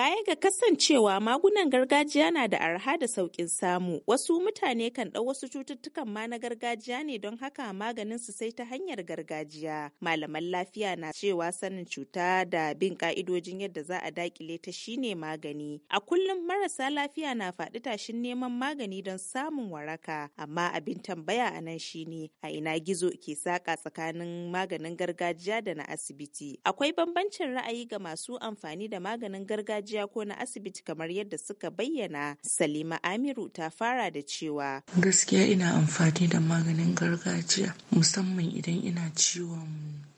Baya ga kasancewa magunan gargajiya na da arha da sauƙin samu, wasu mutane kan ɗau wasu cututtukan ma na gargajiya ne don haka maganin su sai ta hanyar gargajiya. Malaman lafiya na cewa sanin cuta da bin ka'idojin yadda za a dakile ta shine magani. A kullum marasa lafiya na faɗi tashin neman magani don samun waraka, amma abin tambaya a nan shine a ina gizo ke saƙa tsakanin maganin gargajiya da na asibiti. Akwai bambancin ra'ayi ga masu amfani da maganin gargajiya gargajiya ko na asibiti kamar yadda suka bayyana salima amiru ta fara da cewa gaskiya ina amfani da maganin gargajiya musamman idan ina ciwon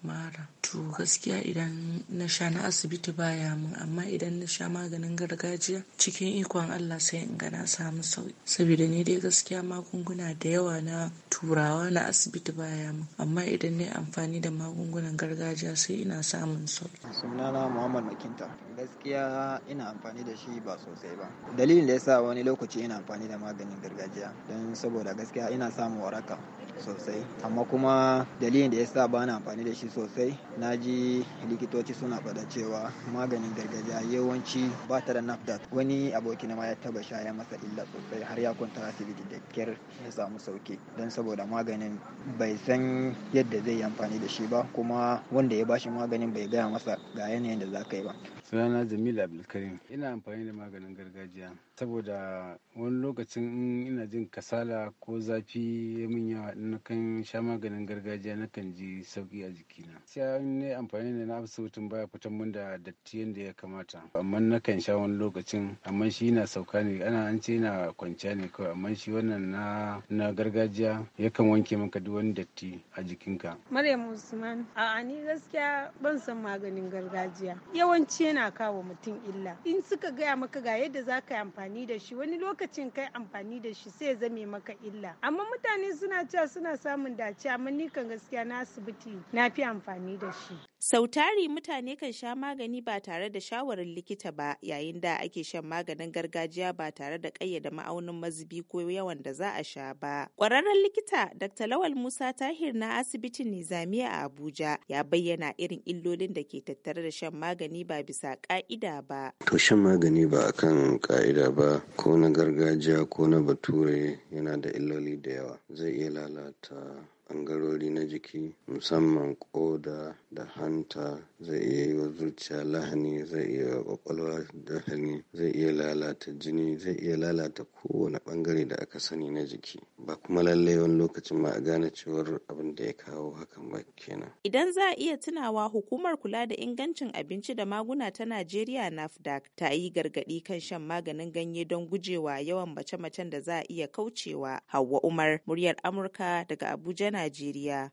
mara to gaskiya idan na sha na asibiti baya mun amma idan na sha maganin gargajiya cikin ikon Allah sai in gana na samu sauki saboda ni dai gaskiya magunguna da yawa na turawa na asibiti baya mun amma idan na amfani da magungunan gargajiya sai ina samun sauki sunana Muhammad Makinta gaskiya ina amfani da shi ba sosai ba dalilin da yasa wani lokaci ina amfani da maganin gargajiya don saboda gaskiya ina samun waraka sosai amma kuma dalilin da yasa ba na amfani da shi sosai na ji likitoci suna faɗa cewa maganin gargajiya yawanci ba ta da nafda wani aboki na ma ya taba sha ya masa illa sosai har ya kwanta asibiti da kyar ya samu sauki don saboda maganin bai san yadda zai yi amfani da shi ba kuma wanda ya bashi maganin bai gaya masa ga yanayin da za ka yi ba sunana jamila abdulkarim ina amfani da maganin gargajiya saboda wani lokacin ina jin kasala ko zafi ya min yawa na kan sha maganin gargajiya na kan ji sauki a jiki jikina sai ne amfani da na absolutin baya fitan mun da datti yadda ya kamata amma na kan sha wani lokacin amma shi na sauka ne ana an ce na kwanciya ne kawai amma shi wannan na na gargajiya yakan wanke maka duk wani datti a jikinka Maryam Usman a ni gaskiya ban san maganin gargajiya yawanci yana kawo mutum illa in suka gaya maka ga yadda za ka yi amfani da shi wani lokacin kai amfani da shi sai ya zame maka illa amma mutane suna cewa suna samun dace amma ni kan gaskiya na asibiti na fi amfani da shi. Sautari mutane kan sha magani ba tare da shawarar likita ba yayin da ake shan maganin gargajiya ba tare da ƙayyada ma'aunin mazubi ko yawan da za a sha ba. Ƙwararren likita Dr. Lawal Musa Tahir na asibitin Nizami a Abuja ya bayyana irin illolin da ke tattare da shan magani ba bisa ƙa'ida ba. To shan magani ba akan ƙa'ida ba ko na gargajiya ko na bature yana da illoli da yawa zai iya lalata ɓangarori na jiki musamman ƙoda da hanta zai iya yi wa zuciya lahani zai iya wa ƙwaƙwalwa lahani zai iya lalata jini zai iya lalata kowane ɓangare da aka sani na jiki ba kuma lallai wani lokacin ma a gane cewar abin da ya kawo hakan ba kenan. Idan za a iya tunawa hukumar kula da ingancin abinci da maguna ta Najeriya NAFDAC ta yi gargaɗi kan shan maganin ganye don gujewa yawan mace-macen da za a iya kaucewa. Hauwa Umar, muryar Amurka daga Abuja, Najeriya.